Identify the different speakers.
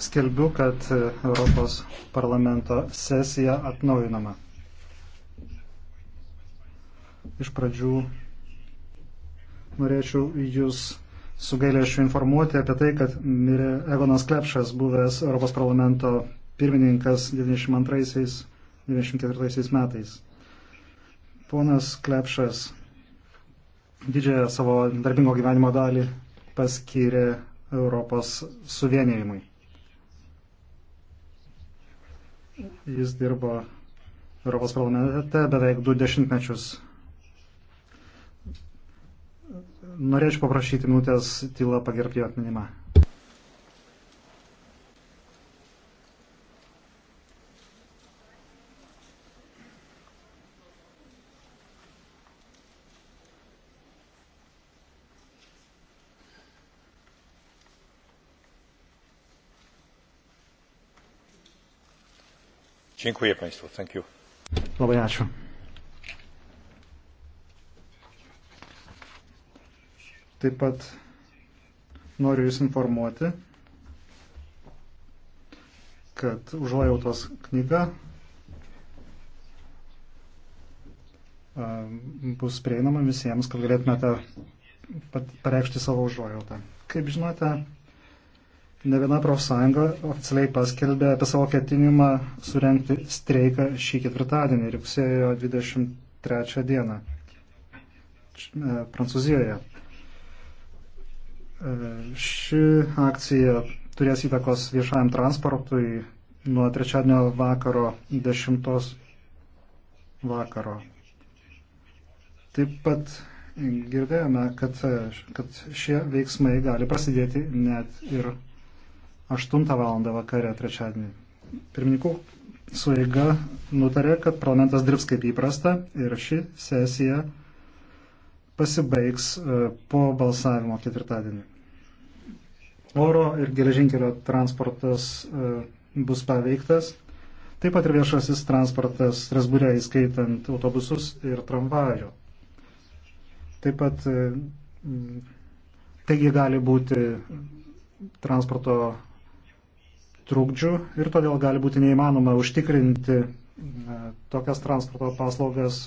Speaker 1: skelbiu, kad e, Europos parlamento sesija atnaujinama. Iš pradžių norėčiau Jūs su gailėšiu informuoti apie tai, kad mirė Egonas Klepšas, buvęs Europos parlamento pirmininkas 92-94 metais. Ponas Klepšas didžiąją savo darbingo gyvenimo dalį paskyrė Europos suvienėjimui. Jis dirbo Europos parlamente beveik du dešimtmečius. Norėčiau paprašyti minutės tylą pagerbti atminimą. Dziękuję Państwu. Thank you. Labai ačiū. Taip pat noriu Jūs informuoti, kad užuojautos knyga bus prieinama visiems, kad galėtumėte pareikšti savo užuojautą. Kaip žinote, Ne viena profsąjunga oficialiai paskelbė apie savo ketinimą surenkti streiką šį ketvirtadienį, rugsėjo 23 dieną, e, Prancūzijoje. E, ši akcija turės įtakos viešajam transportui nuo trečiadienio vakaro 10 vakaro. Taip pat girdėjome, kad, kad šie veiksmai gali prasidėti net ir 8 val. vakare trečiadienį. Pirmininkų suiga nutarė, kad parlamentas dirbs kaip įprasta ir ši sesija pasibaigs e, po balsavimo ketvirtadienį. Oro ir geležinkelio transportas e, bus paveiktas, taip pat ir viešasis transportas Strasbūrė, įskaitant autobusus ir tramvajų. Taip pat e, taigi gali būti transporto trūkdžių ir todėl gali būti neįmanoma užtikrinti e, tokias transporto paslaugas